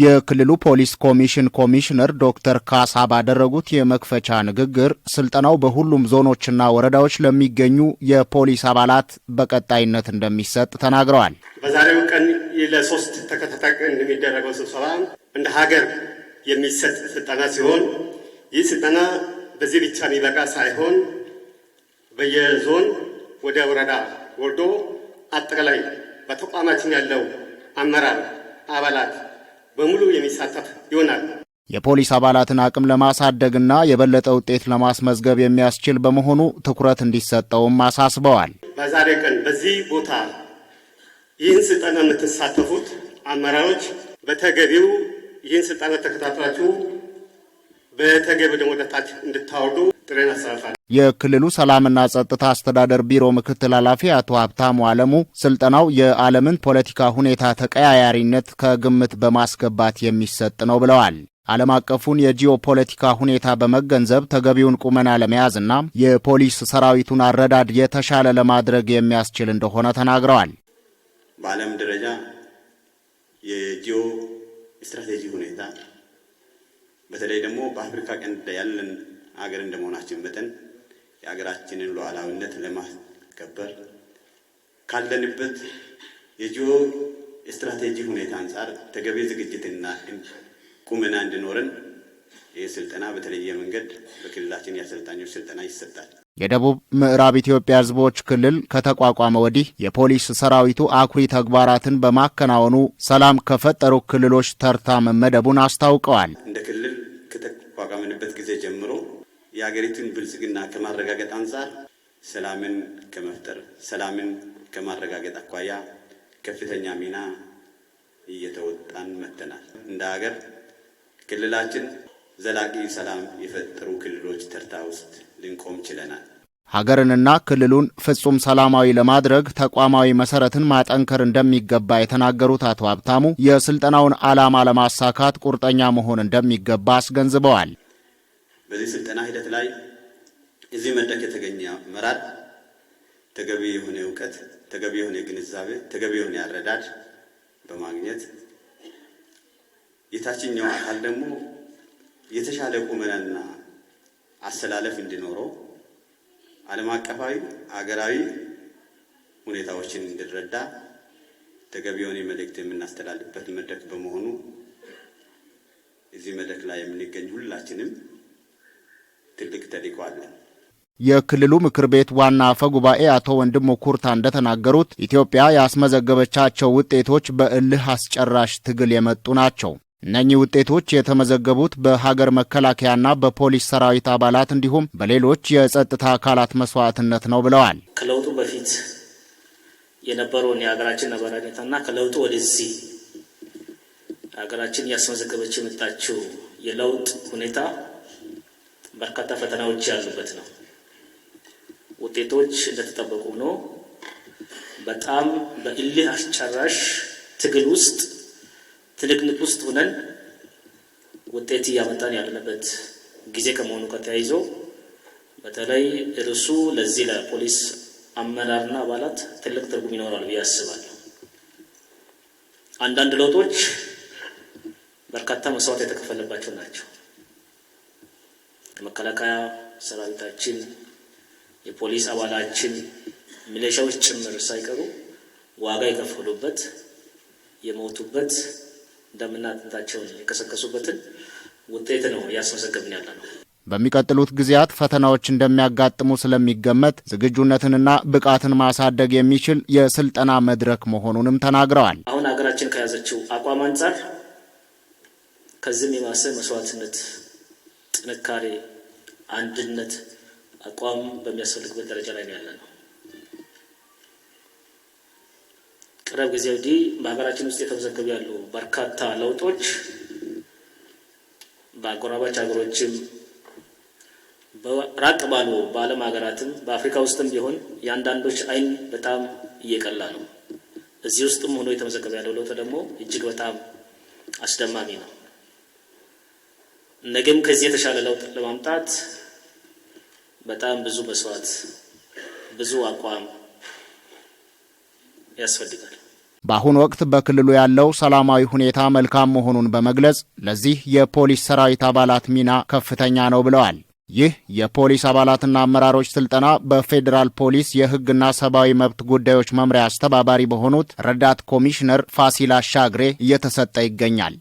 የክልሉ ፖሊስ ኮሚሽን ኮሚሽነር ዶክተር ካሳ ባደረጉት የመክፈቻ ንግግር ስልጠናው በሁሉም ዞኖችና ወረዳዎች ለሚገኙ የፖሊስ አባላት በቀጣይነት እንደሚሰጥ ተናግረዋል። በዛሬው ቀን ለሶስት ተከታታይ ቀን የሚደረገው ስብሰባ እንደ ሀገር የሚሰጥ ስልጠና ሲሆን ይህ ስልጠና በዚህ ብቻ የሚበቃ ሳይሆን በየዞን ወደ ወረዳ ወርዶ አጠቃላይ በተቋማችን ያለው አመራር አባላት በሙሉ የሚሳተፍ ይሆናል። የፖሊስ አባላትን አቅም ለማሳደግና የበለጠ ውጤት ለማስመዝገብ የሚያስችል በመሆኑ ትኩረት እንዲሰጠውም አሳስበዋል። በዛሬ ቀን በዚህ ቦታ ይህን ስልጠና የምትሳተፉት አመራሮች በተገቢው ይህን ስልጠና ተከታትላችሁ በተገቢው ደግሞ ወደታች እንድታወርዱ የክልሉ ሰላምና ጸጥታ አስተዳደር ቢሮ ምክትል ኃላፊ አቶ ሀብታሙ አለሙ ስልጠናው የዓለምን ፖለቲካ ሁኔታ ተቀያያሪነት ከግምት በማስገባት የሚሰጥ ነው ብለዋል። ዓለም አቀፉን የጂኦ ፖለቲካ ሁኔታ በመገንዘብ ተገቢውን ቁመና ለመያዝና የፖሊስ ሰራዊቱን አረዳድ የተሻለ ለማድረግ የሚያስችል እንደሆነ ተናግረዋል። በዓለም ደረጃ የጂኦ ስትራቴጂ ሁኔታ በተለይ ደግሞ በአፍሪካ ቀንድ ያለን አገር እንደመሆናችን መጠን የአገራችንን ሉዓላዊነት ለማስከበር ካለንበት የጂኦ ስትራቴጂ ሁኔታ አንጻር ተገቢ ዝግጅትና ቁመና እንዲኖረን ይህ ስልጠና በተለየ መንገድ በክልላችን የአሰልጣኞች ስልጠና ይሰጣል። የደቡብ ምዕራብ ኢትዮጵያ ሕዝቦች ክልል ከተቋቋመ ወዲህ የፖሊስ ሰራዊቱ አኩሪ ተግባራትን በማከናወኑ ሰላም ከፈጠሩ ክልሎች ተርታ መመደቡን አስታውቀዋል። እንደ ክልል ከተቋቋመንበት ጊዜ ጀምሮ የሀገሪቱን ብልጽግና ከማረጋገጥ አንጻር ሰላምን ከመፍጠር ሰላምን ከማረጋገጥ አኳያ ከፍተኛ ሚና እየተወጣን መጥተናል። እንደ ሀገር ክልላችን ዘላቂ ሰላም የፈጠሩ ክልሎች ተርታ ውስጥ ልንቆም ችለናል። ሀገርንና ክልሉን ፍጹም ሰላማዊ ለማድረግ ተቋማዊ መሰረትን ማጠንከር እንደሚገባ የተናገሩት አቶ ሀብታሙ የስልጠናውን ዓላማ ለማሳካት ቁርጠኛ መሆን እንደሚገባ አስገንዝበዋል። በዚህ ስልጠና ሂደት ላይ እዚህ መድረክ የተገኘ አመራር ተገቢ የሆነ እውቀት፣ ተገቢ የሆነ ግንዛቤ፣ ተገቢ የሆነ አረዳድ በማግኘት የታችኛው አካል ደግሞ የተሻለ ቁመናና አሰላለፍ እንዲኖረው ዓለም አቀፋዊ አገራዊ ሁኔታዎችን እንድረዳ ተገቢ የሆነ መልእክት የምናስተላልፍበት መድረክ በመሆኑ እዚህ መድረክ ላይ የምንገኝ ሁላችንም ትልቅ ተልዕኮ አለን። የክልሉ ምክር ቤት ዋና አፈ ጉባኤ አቶ ወንድሙ ኩርታ እንደተናገሩት ኢትዮጵያ ያስመዘገበቻቸው ውጤቶች በእልህ አስጨራሽ ትግል የመጡ ናቸው። እነኚህ ውጤቶች የተመዘገቡት በሀገር መከላከያና በፖሊስ ሰራዊት አባላት እንዲሁም በሌሎች የጸጥታ አካላት መስዋዕትነት ነው ብለዋል። ከለውጡ በፊት የነበረውን የሀገራችን ነባራዊ ሁኔታና ከለውጡ ወደዚህ ሀገራችን ያስመዘገበች የመጣችው የለውጥ ሁኔታ በርካታ ፈተናዎች ያሉበት ነው። ውጤቶች እንደተጠበቁ ነው። በጣም በእልህ አስጨራሽ ትግል ውስጥ ትንቅንቅ ውስጥ ሆነን ውጤት እያመጣን ያለንበት ጊዜ ከመሆኑ ከተያይዞ በተለይ እርሱ ለዚህ ለፖሊስ አመራርና አባላት ትልቅ ትርጉም ይኖራል ብዬ አስባለሁ። አንዳንድ ለውጦች በርካታ መስዋዕት የተከፈለባቸው ናቸው። የመከላከያ ሰራዊታችን፣ የፖሊስ አባላችን፣ ሚሊሻዎች ጭምር ሳይቀሩ ዋጋ የከፈሉበት የሞቱበት ደምና አጥንታቸውን የቀሰቀሱበትን ውጤት ነው እያስመዘገብን ያለ ነው። በሚቀጥሉት ጊዜያት ፈተናዎች እንደሚያጋጥሙ ስለሚገመት ዝግጁነትንና ብቃትን ማሳደግ የሚችል የስልጠና መድረክ መሆኑንም ተናግረዋል። አሁን ሀገራችን ከያዘችው አቋም አንጻር ከዚህም የማሰብ መስዋዕትነት ጥንካሬ፣ አንድነት፣ አቋም በሚያስፈልግበት ደረጃ ላይ ነው ያለ ነው። ቅርብ ጊዜ ወዲህ በሀገራችን ውስጥ የተመዘገቡ ያሉ በርካታ ለውጦች በአጎራባች ሀገሮችም ራቅ ባሉ በዓለም ሀገራትም በአፍሪካ ውስጥም ቢሆን የአንዳንዶች ዓይን በጣም እየቀላ ነው። እዚህ ውስጥም ሆኖ የተመዘገበ ያለው ለውጥ ደግሞ እጅግ በጣም አስደማሚ ነው። ነገም ከዚህ የተሻለ ለውጥ ለማምጣት በጣም ብዙ መስዋዕት፣ ብዙ አቋም ያስፈልጋል። በአሁኑ ወቅት በክልሉ ያለው ሰላማዊ ሁኔታ መልካም መሆኑን በመግለጽ ለዚህ የፖሊስ ሰራዊት አባላት ሚና ከፍተኛ ነው ብለዋል። ይህ የፖሊስ አባላትና አመራሮች ስልጠና በፌዴራል ፖሊስ የሕግና ሰብአዊ መብት ጉዳዮች መምሪያ አስተባባሪ በሆኑት ረዳት ኮሚሽነር ፋሲል አሻግሬ እየተሰጠ ይገኛል።